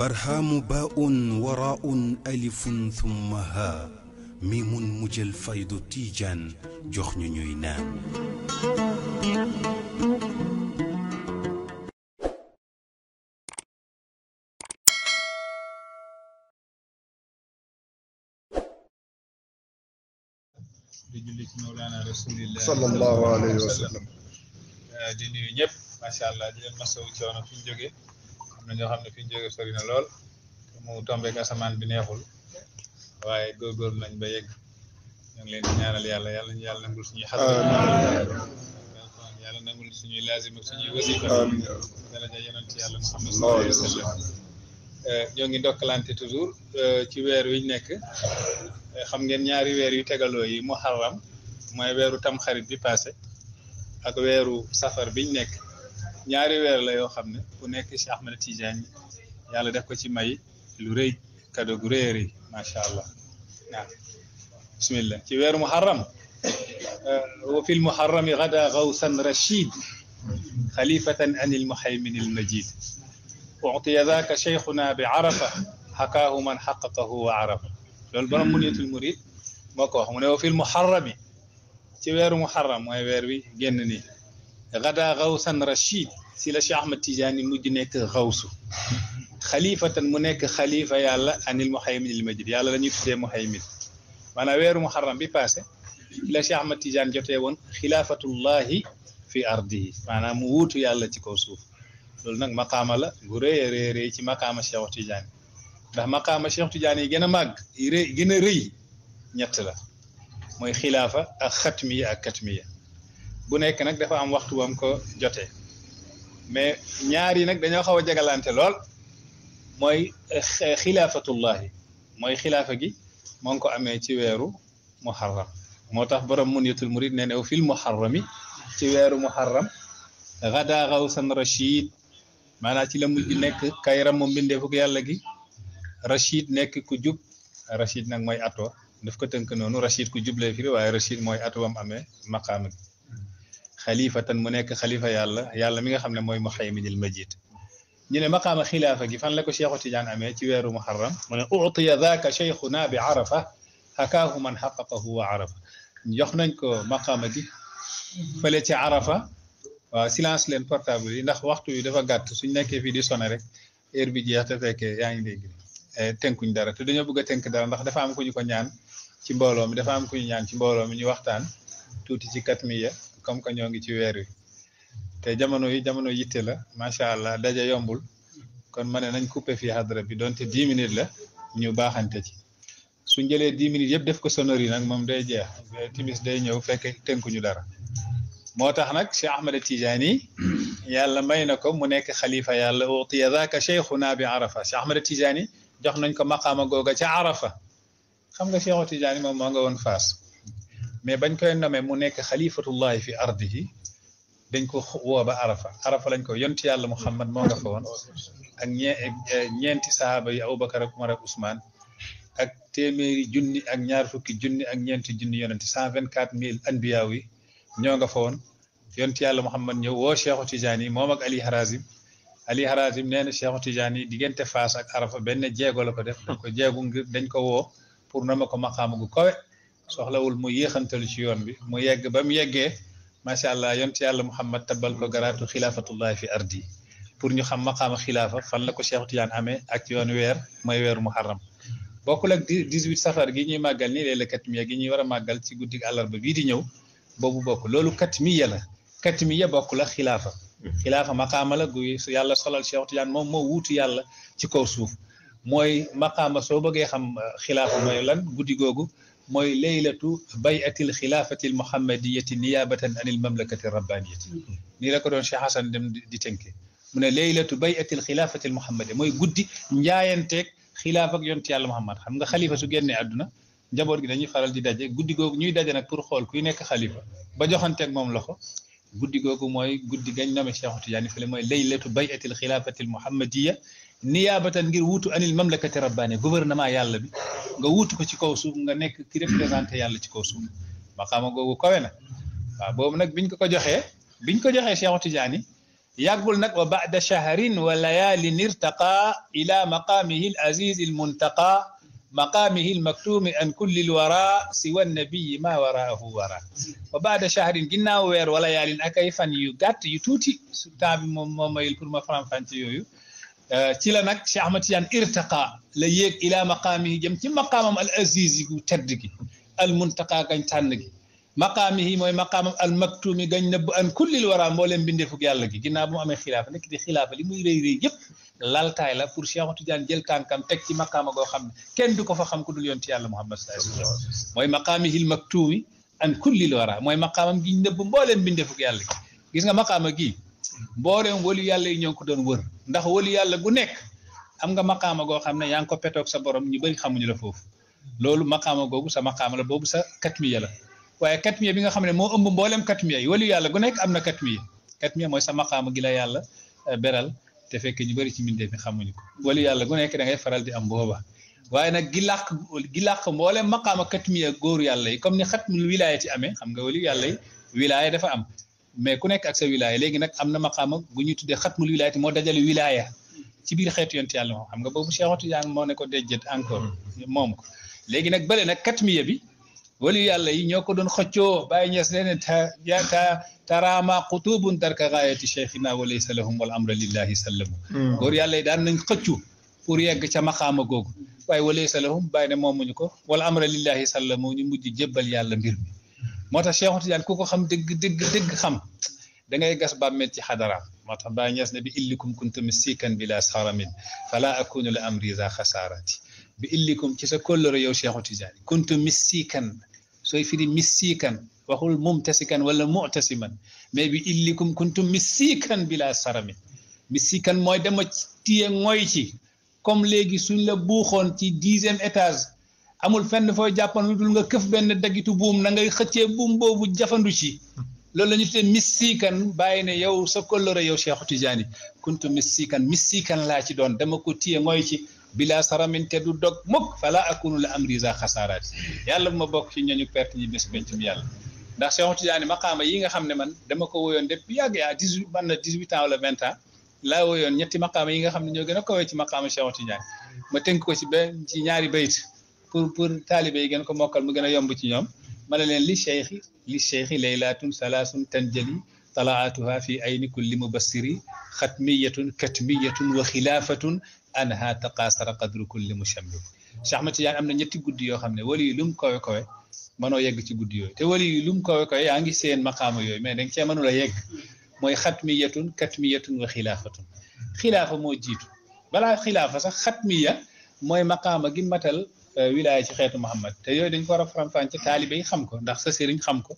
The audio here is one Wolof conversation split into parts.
برهام باء وراء ألف ثم هاء ميم مجل فيض تيجان جخن نينام صلى الله عليه وسلم آه، ديني نيب ما شاء الله ديال مساو تيونا فين جوغي amna na ñoo xam ne fi sori na lool mu tombé ka samaan bi neexul waaye góorgóorlu nañ ba yegg ñu ngi leen di ñaanal yalla yalla ñu yalla nangul suñuy xasal yalla nangul suñu lazim ak suñu wasifa daraja yonent yàlla muhammad sallallahu alayhi wasallam sallam ñoo ngi ndokalante toujours euh, ci wër wiñ nekk xam ngeen ñaari wër yu tégaloo yi muharram moy wëru tam xarit bi passé ak wëru safar biñ nekk ñaari wér la yo xamné ku nekk ci Ahmed Tidiane yàlla def ko ci may lu rëy cadeau gu rëy a ma sha allah bismillah ci wér muharram wa fi al muharram gada ghawsan rashid xalifatan an al muhaymin ilmuhaymin almajid uctiya ذاك شيخنا بعرفة حكاه من حققه وعرفه loolu borom muniyatul murid moo ko wax mu ne wa fi lmuharrami ci weeru muharram mooy weer wi génn nii غدا غوثا رشيد si la Cheikh Ahmed Tidiane mujj nekk xawsu xalifatan mu nekk xalifa yàlla anil muhaymin il majid yàlla la ñuy tuddee muhaymin maanaam weeru muharram bi passé si la Cheikh Ahmed Tidiane jotee woon xilaafatullahi fi ardihi maanaam mu wuutu yàlla ci kaw suuf loolu nag maqaama la bu rëy a rëy ci maqaama Cheikh Tidiane ndax maqaama Cheikh Tidiane yi gën a màgg yi gën a rëy ñett la mooy xilaafa ak xatmiya ak katmiya bu nekk nag dafa am waxtu wam ko jote mais ñaar yi nag dañoo xaw a jagalante lool mooy eh, xilaafatullahi mooy xilaafa gi moo ngi ko amee ci weeru muharram moo tax borom munyatul murid nee new fil muharrami ci weeru muharram gada xawsan rachid maanaam ci la mujj nekk kayram mu mbindeefu yàlla gi rachid nekk ku jub rachid nag mooy ato daf ko tënk noonu rachid ku jub lay firi waaye rachid mooy ato bam amee maqaama gi خليفه مو نيك خليفه يلا يالا ميغا خا موي مخيمن المجيد ني نه مقام خلافه كي فان لاكو شيخو تيجان امي تي ويرو محرم من اعطي ذاك شيخنا بعرفه حكاه من حققه وعرفه يخ نانكو مقام دي فلي تي عرفه وا آه، سيلانس لين بورتابل ناخ وقتو دافا غات سوني نيك في دي سوني رك اير بي جي حتى فك يعني ديغ آه، تنكوني دارا تو دانيو بوغا تنك دارا ناخ دافا ام كوني كو نيان سي مبولو مي دافا ام كوني نيان سي مبولو مي ني وقتان توتي سي comme que ñoo ngi ci weer wi te jamono yi jamono yitte la macha allah daje yombul kon ma ne nañ coupé fii xadra bi donte dix minutes la ñu baaxante ci suñ jëlee dix minutes yëpp def ko sonori nag moom day jeex timis day ñëw fekk tënkuñu dara moo tax nag Cheikh Ahmed Tidiane yàlla may na ko mu nekk xalifa yàlla utiya zaaka cheikhuna bi arafa Cheikh Ahmed Tidiane jox nañ ko maqaama googa ca arafa xam nga Cheikh Tidiane moom moo nga woon faas mais bañ koy nomee mu nekk xalifatullahi fi ardihi dañ ko woo ba arafa arafa lañ ko yonti yàlla muhammad moo nga fa woon ak ñee eh, ñeenti sahaaba yi aboubacar ak umar ak ousmane ak téeméeri junni ak ñaar fukki junni ak ñeenti junni yonenti cent vingt quatre mille anbiyaaw yi ñoo nga fa woon yonti yàlla muhammad ñëw woo cheikhu tijaani yi moom ak ali harazim ali harazim nee na cheikhu tijaani yi diggante faas ak arafa benn jeego la ko def dañ ko jeegu ngir dañ ko pour na ma ko maqaama gu soxlawul mu yéexantal ci yoon bi mu yegg ba mu yeggee macha allah yont yàlla muhammad tabal ko garaatu xilaafatullahi fi ardi pour ñu xam maqaama xilaafa fan la ko Cheikh Tidiane amee ak yoon weer mooy weeru muharram bokkul ak 18 safar gi ñuy màggal ni léele leeg katmiya gi ñuy war a màggal ci guddig àllarba bii di ñëw boobu bokk loolu ya la ya bokk la xilaafa xilaafa maqaama la gu yàlla solal Cheikh Tidiane moom moo wuutu yàlla ci kaw suuf mooy maqaama soo bëggee xam xilaafa mooy lan guddi googu موي ليله بيعه الخلافه المحمديه نيابه عن المملكه الربانيه ني لا كون شيخ حسن دي تنكي من ليله بيعه الخلافه المحمديه موي غودي نيايانتك خلافه يونت يالله محمد خمغا خليفه سو генني جابور دي ناني فارال دي داجي غودي غوغ ني داجي خول كوي نيك خليفه با جوخانتك موم لوخو غودي غوغ موي غودي غاني نامي شيخ عثماني فلي موي ليله بيعه الخلافه المحمديه niyaabatan ngir wuutu anil mamlakati rabbaani gouvernement yàlla bi nga wuutu ko ci kaw suuf nga nekk ki représenté yàlla ci kaw suuf maqaama googu kawe na waaw boobu nag biñ ko ko joxee biñ ko joxee Cheikhu Tijaani yàggul nag wa ba'da shahrin wa layaalin irtaqa ila maqaamihi al aziz al muntaqa maqaamihi al maktuumi an kulli al nabiyi ma waraahu wara wa ba'da shahrin ginnaaw weer wa layaalin ak ay fan yu gàtt yu tuuti su temps bi moom moo ma faram-fàcce yooyu ci la nag Cheikh Ahmad Tidiane irtaqa la yéeg ila maqaamihi jëm ci maqaamam al azizi gu tedd gi al muntaqa gañ tànn gi maqaamihi mooy maqaamam al maktuumi gañ nëbb an kullil wara mbooleem bindeefug yàlla gi ginnaaw bu mu amee xilaafa nekk di xilaafa li muy rëy rëy yëpp laltaay la pour Cheikh Ahmad Tidiane jël tànkam teg ci maqaama goo xam ne kenn du ko fa xam ku dul yonti yàlla Muhammad sallallahu alayhi wa sallam mooy maqaamihi al maktuumi an kullil wara mooy maqaamam giñ nëbb mbooleem bindeefug yàlla gi gis nga maqaama gii mbooleem wali yàlla yi ñoo ko doon wër ndax wali yàlla gu nekk am nga maqaama goo xam ne yaa ngi ko petoog sa borom ñu bëri xamuñu la foofu loolu maqaama googu sa maqaama la boobu sa katmiya la waaye katmiya bi nga xam ne moo ëmb mbooleem katmiya yi wali yàlla gu nekk am na katmiya katmiya mooy sa maqaama gi la yàlla eh, beral te fekke ñu bëri ci mbindee mi xamuñu ko wali yàlla gu nekk da faral di am booba waaye nag gi làq gi làq mbooleem maqaama katmiya góoru yàlla yi comme ni xatmul wilaaya ci amee xam nga wali yàlla yi wilaaya dafa am mais ku nekk ak sa wilaya léegi nag am na maqaama bu ñuy tuddee xatmul wilaayati moo dajale wilaya ci biir xeetu yonent yàlla moom xam nga boobu Cheikh Tidiane moo ne ko déjjët encore moom ko léegi nag bële nag katmiya bi wali yàlla yi ñoo ko doon xëccoo bàyyi ñees nee ne ta ta taraama qutubun darka gaayati cheikhina walaysa lahum wal amra lillahi sallamu hmm. góor yàlla yi daan nañ xëccu pour yegg ca maqaama googu waaye walaysa lahum baay ne moomuñu ko wal amra lillahi sallamu ñu mujj jébbal yàlla mbir motax tax Cheikh Tidiane ku ko xam deug deug deug xam da ngay gas bàmmeel ci hadara motax ba Baay ne bi illikum kuntum sikan bila saramin fala akunu li amri za khasarati bi illikum ci sa kóllëre yow Cheikh Tidiane kuntum missiikan sooy firi misikan waxul mumtasikan wala mu'tasiman mais bi illikum kuntum misikan bila la saramin missiikan mooy dama téye ngoy ci comme légui suñ la buuxoon ci 10e étage amul fenn foy jàppan lu dul nga keuf ben dagitu boom na ngay xecce boom bobu jafandu ci lolou lañu ñu misikan bayina yow sa kolore yow Cheikh Tidiane kuntu misikan misikan la ci don dama ko téye moy ci bila saramin te du dog muk fala akunu la amri za khasarat yàlla ma bok ci ñooñu perte ñi bés pencum yàlla ndax Cheikh Tidiane maqama yi nga xamne man dama ko woyon depuis yag ya 18 ban 18 ans wala 20 ans la woyon ñetti maqama yi nga xamne ñoo gëna ko wé ci maqama Cheikh Tidiane ma tënk ko ci ben ci ñaari bayt pour pour talibé gën ko mokal mu gëna yomb ci ñom mané len li cheikh li cheikh laylatun salasun tanjali fi ayni kulli mubassiri khatmiyatun katmiyatun wa khilafatun anha taqasar qadru kulli مشمل Cheikh ma ci am amna ñetti guddi yo xamné wali lum koy koy mano yegg ci guddi yo te wali lum koy koy yaa ngi seen maqam yo mais da ci cee yegg moy khatmiyatun katmiyatun wa khilafatun xilaafa mo jitu bala khilafa sax khatmiya moy maqama gi matal Euh, wilaaya ci xeetu Muhammad te yooyu dañ ko war a faram-fàccee taalibe yi xam ko ndax sa sëriñ xam ko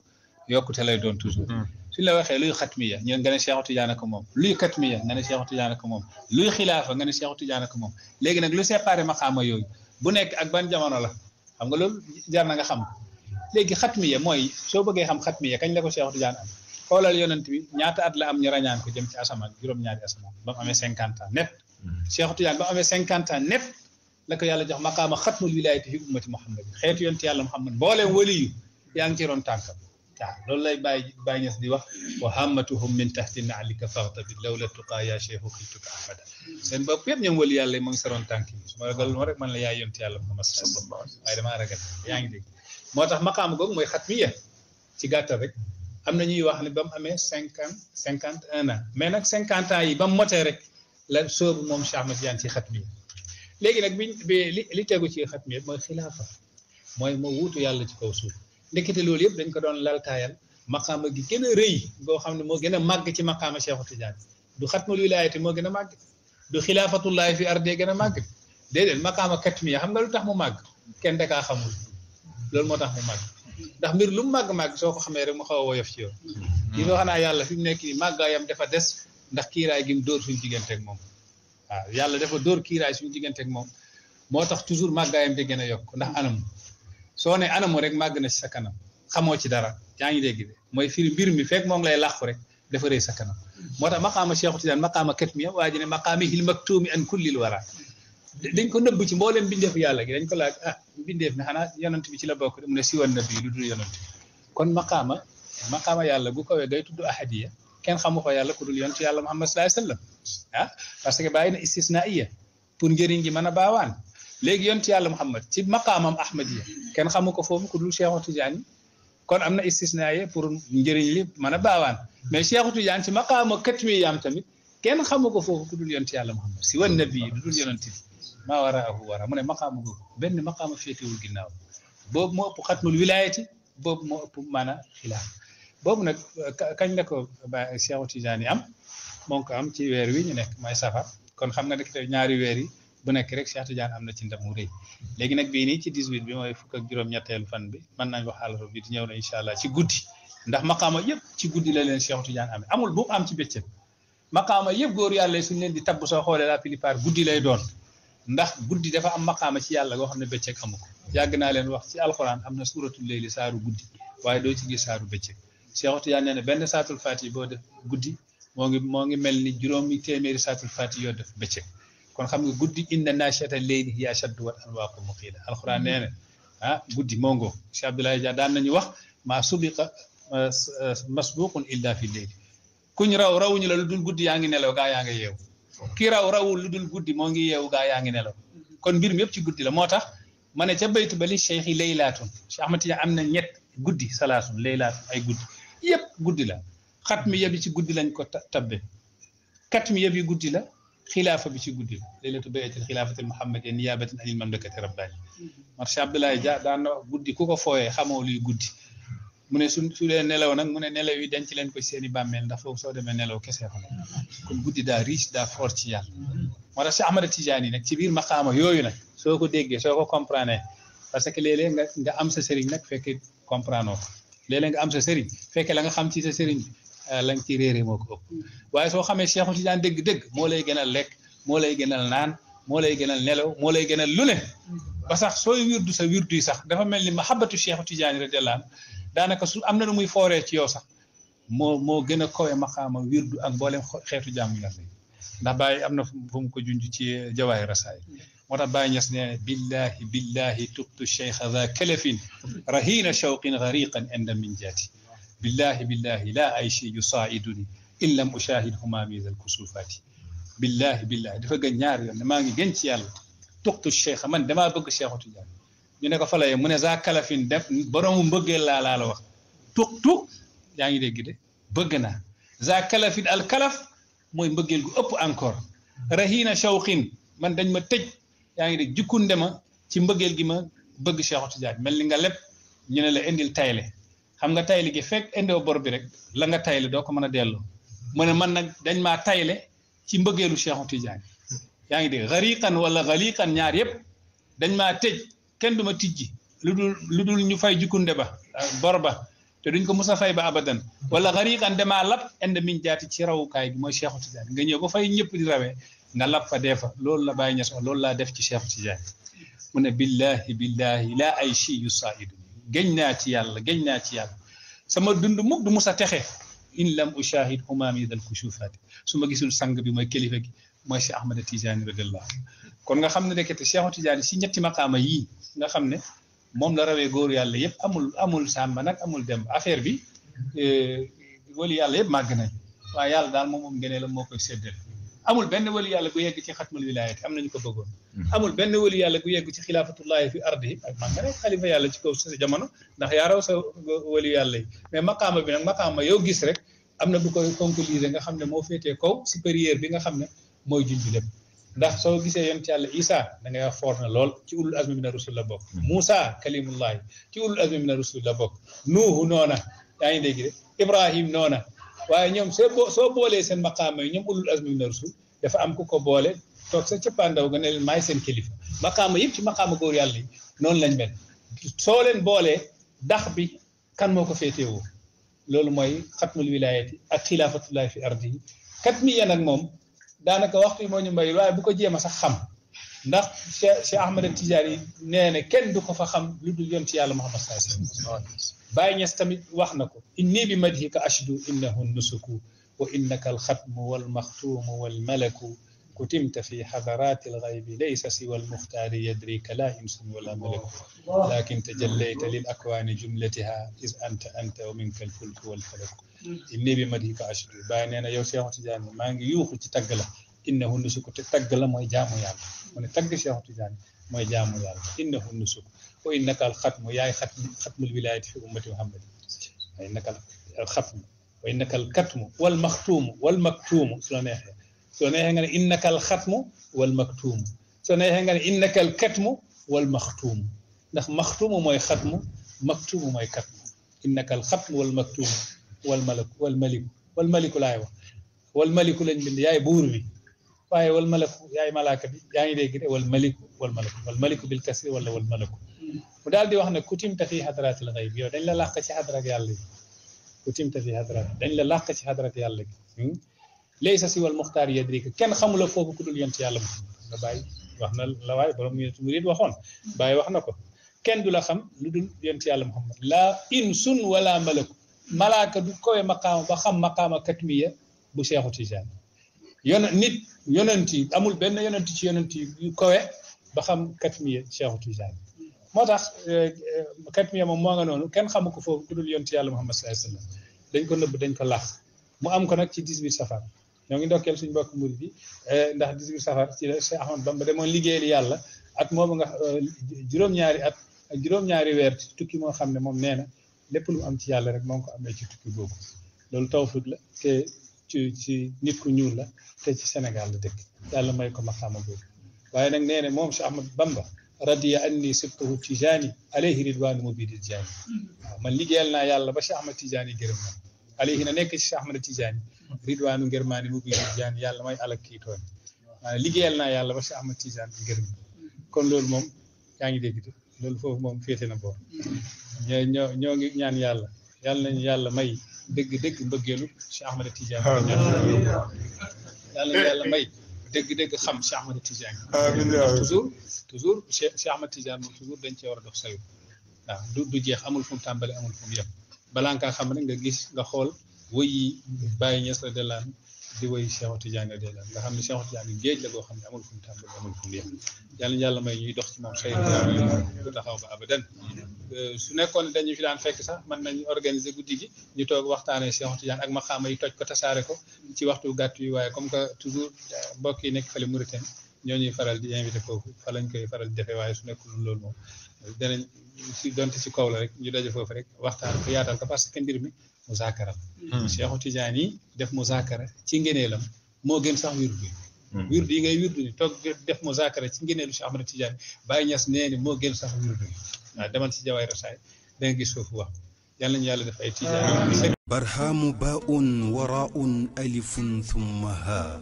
yokkute lay doon toujours. Hmm. suñ la waxee luy xatmiya ñu nga ne Cheikh Tidiane ko moom luy xatmiya nga ne Cheikh moom luy xilaafa nga ne Cheikh Tidiane ko moom léegi nag lu séparé maqaama yooyu bu nekk ak ban jamono la xam nga loolu jar na nga xam léegi xatmiya mooy soo bëggee xam xatmiya kañ la ko Cheikh Tidiane am xoolal yonent bi ñaata at la am ñu rañaan ko jëm ci asamaan juróom-ñaari asamaan ba mu amee cinquante ans net hmm. Cheikh Tidiane ba mu amee cinquante la ko yàlla jox maqaama xatmul wilayati fi ummati muhammad xeetu yonent yàlla muhammad mbooleem waliyu yaa ngi ci roon tànkam waaw loolu lay bàyyi bàyyi ñes di wax wa hammatuhum min tahti naalika faxtabi lawla tuqaa yaa cheikhu xiltuka abada seen bopp yëpp ñoom wali yàlla yi mu ngi saroon tànk yi su ma ragal ma rek man la yaay yonent yàlla muhammad sallallahu alayhi wasallam waaye damaa ragal yaa ngi dégg moo tax maqaama googu mooy xatmiya ci gàttal rek am na ñuy wax ne ba mu amee cinquante cinquante un ans mais nag cinquante ans yi ba mu motee rek la soobu moom Cheikh Ahmed Tidiane ci xatmiya léegi nag biñ li li tegu ci xat mi yëpp mooy xilaafa mooy moo wuutu yàlla ci kaw suuf ndekete loolu yëpp dañ ko doon laltaayal maqaama gi gën a rëy boo xam ne moo gën a màgg ci maqaama Cheikhu Tidiane du xatmul wilaayati moo gën a màgg du xilaafatullahi fi ardee gën a màgg déedéet maqaama katmiya xam nga lu tax mu màgg kenn dakaa xamul loolu moo tax mu màgg ndax mbir lu mu màgg-màgg soo ko xamee rek mu xaw a woyof ci yow. li nga wax naa yàlla fi mu nekk nii màggaayam dafa des ndax kiiraay gi mu dóor suñu digganteeg moom. waaw yàlla dafa dóor kiiraay suñu diggante moom moo tax toujours màggaayam di gën yokk ndax anamu soo ne anamu rek màgg na ci sa kanam xamoo ci dara yaa ngi dégg de mooy firi mbir mi fekk moom lay làqu rek dafa rëy sa kanam moo tax maqaama Cheikhu Tidiane maqaama kat miya waa ji ne maqaami hil maktuumi an kullil wara dañ ko nëbb ci mbooleem bindeef yàlla gi dañ ko laaj ah bindeef ne xanaa yonant bi ci la bokk mu ne siwan na bii lu dul yonant kon maqaama maqaama yàlla bu kawee day tudd ahadiya kenn xamu ko yàlla ku dul yonant yàlla Muhammad sallallahu alayhi wa sallam ah parce que bàyyi na istisnaiya pour njëriñ gi mën a baawaan léegi yonti yàlla Muhammad ci maqaamam ahmadiya kenn xamu ko foofu ku dul Cheikhu Tidiane kon am na istisnaiya pour njëriñ li mën a baawaan mais Cheikhu Tidiane ci maqaama katmiyaam tamit kenn xamu ko foofu ku dul yonti yàlla Muhammad si wan nabi du dul yonent bi maa waraahu wara mu ne maqaama googu benn maqaama féetewul ginnaaw boobu moo ëpp xatmul wilaayati boobu moo ëpp maana xilaaf boobu nag kañ ne ko Cheikhu Tidiane am moo ko am ci weer wi ñu nekk mooy safar kon xam nga nekk te ñaari weer yi bu nekk rek Cheikh Tidiane am na ci ndam mu rëy léegi nag bii nii ci 18 bi mooy fukk ak juróom-ñetteelu fan bi mën nañ wax àllarba bi di ñëw na incha allah ci guddi ndax maqaama yëpp ci guddi la leen Cheikh Tidiane amee amul bu am ci bëccëg maqaama yëpp góor yàlla suñ leen di tabb soo xoolee la plupart guddi lay doon ndax guddi dafa am maqaama ci yàlla goo xam ne bëccëg amu ko yàgg naa leen wax ci alxuraan am na suuratul leyli saaru guddi waaye doo ci gis saaru bëccëg Cheikh Tidiane nee na benn saatul faati boo def guddi moo ngi moo ngi mel ni juróomi téeméeri saatul faati yoo def bëccëg kon xam nga guddi inna naashiyata léegi ya ashaddu wat'an wa aqwamu qiila alxuraan nee na ah guddi moo ngoo si Abdoulaye Dia daan nañu wax maa subiqa masbuqun illa fi layli kuñ raw rawuñu la lu guddi yaa ngi nelaw gaa yaa ngi yeewu kii raw rawul lu guddi moo ngi yeewu gaa yaa ngi nelaw kon mbir yëpp ci guddi la moo tax ma ne ca baytu bali li cheikh yi laylaatun Cheikh Ahmad Tidiane am na ñett guddi salaatun laylaatun ay guddi yëpp guddi la xatmiya bi ci guddi lañ ko tabbe katmiya bi guddi la xilaafa bi ci guddi la laylatu bay'atil xilaafatil muhammadiyya niyaabatan anil mamlakati rabbaani marché Abdoulaye Dia daan na wax guddi ku ko fooyee xamoo luy guddi mu ne su su dee nelaw nag mu ne nelaw yi denc leen ko seen i bàmmeel ndax foofu soo demee nelaw kese fa kon guddi daa riche daa fort ci yàlla moo tax si Ahmada Tijaani nag ci biir maqaama yooyu nag soo ko déggee soo ko comprendre parce que léeg-léeg nga nga am sa sëriñ nag fekkee comprendre ko léeg-léeg nga am sa sëriñ fekkee la nga xam ci sa sëriñ bi lañ ci réeré moo ko ëpp waaye soo xamee Cheikhul Tidiane dëgg-dëgg moo lay gënal lekk moo lay gënal naan moo lay gënal nelaw moo lay gënal lu ne ba sax sooy wirdu sa wirdu yi sax dafa mel ni mahabbatu Cheikhul Tidiane radiyallahu anhu daanaka su am na nu muy fooree ci yow sax moo moo gën a kawe maqaama wirdu ak mboolem xeetu jaamu yàlla ndax Baye am na fu mu ko junj ci jawaay rasaay moo tax Baye Ñas ne billahi billahi tubtu cheikha dha kalafin rahina shawqin gariqan inda min jaati بالله بالله لا أي شيء يصاعدني إن لم أشاهد همامي ذا الكسوفات بالله بالله دفع جنيار ما جنت يلا تقت الشيخ من دما بق الشيخ تجار ñu ne ko fa la mu ne saa kalafin def boroomu mbëggeel laa laa la wax tuq tuq yaa ngi dégg de bëgg naa za kalafin al kalaf mooy mbëggeel gu ëpp encore rahina shawqin man dañ ma tëj yaa ngi dégg jikkunde ma ci mbëggeel gi ma bëgg Cheikh Tidiane mel ni nga lépp ñu ne la indil tayle xam nga tayli gi fekk indoo bor bi rek langa nga tayle doo ko mën a delloo mu ne man nag dañ maa tayle ci mbëggeelu Cheikhu Tidiane yaa ngi de xariqan wala xaliqan ñaar yëpp dañ maa tëj kenn du ma tijji lu dul lu dul ñu fay jukkunde ba bor ba te duñ ko musa fay ba abadan wala xariqan damaa lab ind min jaati ci rawukaay gi mooy Cheikhu Tidiane nga ñëw ba fay ñëpp di rawee nga lab fa dee fa loolu la bàyyi ñes loolu laa def ci Cheikhu Tidiane mu ne billahi billahi ay chi gëñ naa ci yàlla gëñ naa ci yàlla sama dund mukk du musa texe in lam ushahid umaami dal kushufati su ma gisul sang bi mooy kilifa gi mooy si ahmada tijaani radiallahu kon nga xam ne nekkete cheikhu tijaani si ñetti maqaama yii nga xam ne moom la rawee góoru yàlla yëpp amul amul sàmba nag amul dem affaire bi wali yàlla yëpp màgg nañ waaye yàlla daal moom moom ngene la moo koy séddale amul benn wali yàlla gu yegg ci xatmul wilayat am nañu ko bëggoon mm-hmm. amul benn wali yàlla gu yegg ci xilaafatullahi fi ardi yi ak man nga rek xalifa yàlla ci kaw sa jamono ndax yaa raw sa wali yàlla yi mais maqaama bi nag maqaama yow gis rek am na bu koy conclure nga xam ne moo féetee kaw supérieur bi nga xam ne mooy junj lépp ndax soo gisee yonent yàlla isa da ngay wax foor na lool ci ulul azmi mina rusul la bokk Moussa mm-hmm. kalimullahi ci ulul azmi mina rusul la bokk nuuhu noona yaa ngi dégg de Ibrahim noona waaye ñoom soo soo boolee seen maqaama yi ñoom ulul azmi min rasul dafa am ku ko boole toog sa cëppaandaw nga ne leen maay seen kilifa maqaama yëpp ci maqaama góor yàlla yi noonu lañ mel soo leen boolee dax bi kan moo ko féetewoo loolu mooy xatmul wilayati ak xilaafatullahi fi ardi yi kat mi yéen ak moom daanaka waxtu yi moo ñu mbayul waaye bu ko jéem a sax xam ndax ci Ahmed tijari neena ken du ko fa xam lu dul yonent yàlla Muhammad sallallahu alayhi wasallam Baye ñes tamit wax nako inni bi madhika ashdu innahu nusuku wa innaka al khatm wal alxatmu walmaxtuumu walmalaku كتمت في حضرات الغيب ليس سوى المختار يدريك لا انس ولا ملك لكن تجليت للاكوان جملتها اذ انت انت ومنك الفلك والفلك اني بمديك اشدو باي نينا يو شيخ تجاني ماغي يوخو تي تاغلا innahu nusuku te tagg la mooy jaamu yàlla mu ne tagg Cheikh Tidiane mooy jaamu yàlla innahu nusuku wa innaka al xatmu yaay xat xatmul wilayati fi ummati wa innaka wa innaka al katmu wal maxtuumu wal maktuumu su la neexee su la neexee nga ne innaka al xatmu wal maktuumu ndax maxtuumu mooy xatmu maktuumu mooy katmu innaka al xatmu wal maktuumu wal malaku wal maliku wal maliku laay wax wal maliku فاي والملك يا يعني ملاك يا يعني ديك والملك والملك والملك بالكسر ولا والملك ودال دي واخنا كوتيم تفي حضرات الغيب يا دنج لا لاق سي حضرات يالله كوتيم تفي حضرات دنج لا لاق سي حضرات يالله ليس سوى المختار يدريك كان خمو لا فوكو كودول ينت يالله باي واخنا لا واي بروم مريد واخون باي واخنا كو كان دولا خم لودول ينت يالله محمد لا انس ولا ملك ملاك دو كوي مقام با خم مقام كتميه بو شيخو تيجان yone nit yonent yi amul benn yonent ci yonent yu kowe ba xam katmiya Cheikhu Tijaan moo tax euh, katmiya moom moo nga noonu kenn xamu ko foofu ku dul yonent yàlla Muhammad sallallahu alayhi wasallam dañ ko dañ ko lax mu am ko nag ci 18 safar ñoo ngi ndokkeel suñu mbokk murid bi euh, ndax 18 safar ci la Cheikh Ahmad Bamba demoon liggéeyal yàlla at moomu nga euh, juróom-ñaari at ak juróom-ñaari weer ci tukki moo xam ne moom nee na lépp lu mu am ci yàlla rek moo ngi ko amee ci tukki boobu loolu tawfiq la ci ci nit ku ñuul la te ci Sénégal la dëkk yàlla may a maqaama boobu waaye nag nee ne moom Cheikh Ahmad Bamba radiya anni sibtahu tijaani alayhi ridwaanu mubidi tijaani waaw man liggéeyal na yàlla ba Cheikh Ahmad Tijaani gërëm na alayhi na nekk ci Cheikh Ahmad Tijaani ridwaanu ngërmaani mubidi tijaani yàlla may alak kii tooñ maanaam liggéeyal na yàlla ba Cheikh Ahmad Tijaani gërëm kon loolu moom yaa ngi dégg loolu foofu moom féete na boor ñoo ñoo ngi ñaan yàlla yàlla may dëgg-dëgg mbëggeelu Cheikh Ahmada Tidiane yàlla yàlla may dëgg-dëgg xam Cheikh Ahmada Tidiane toujours toujours Cheikh Ahmada Tidiane moom toujours dañ cee war a dox sayu waaw du du jeex amul fu tàmbali amul fu mu yem balaa ngaa xam ne nga gis nga xool wëy bay bàyyi ñees la di woy Cheikh Tidiane de la nga xam ne Cheikh Tidiane géej la boo xam ne amul fu mu tàmbali amul fu mu yem yàlla may ñuy dox ci moom xëy na taxaw ba abadan euh, su nekkoon dañu fi daan fekk sax man nañu organiser guddi gi ñu toog waxtaanee Cheikh Tidiane ak maqaama yi toj ko ta saare ko ci waxtu gàtt wi waaye comme que toujours euh, mbokk yi nekk fële Mauritanie ñoo ñuy faral di invité foofu fa lañ koy faral di defee waaye su nekkul lool moom danañ si donte si kaw la rek ñu daje foofu rek waxtaan muzaakaram hmm. Cheikhu Tidiane yi def muzaakara ci ngëneelam moo gën sax wirdu bi hmm. wirdu yi ngay wirdu ni toog def muzaakara ci ngëneelu Cheikh Ahmad Tidiane Baye Niass nee ni moo gën sax wirdu bi waaw demal ci jawaay rasaay da nga gis foofu wax yàlla nañu yàlla def ay Tidiane ah. barhamu baun waraun alifun thumma ha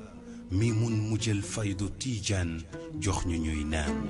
mimun mujjal faydu Tidiane jox ñu ñuy naan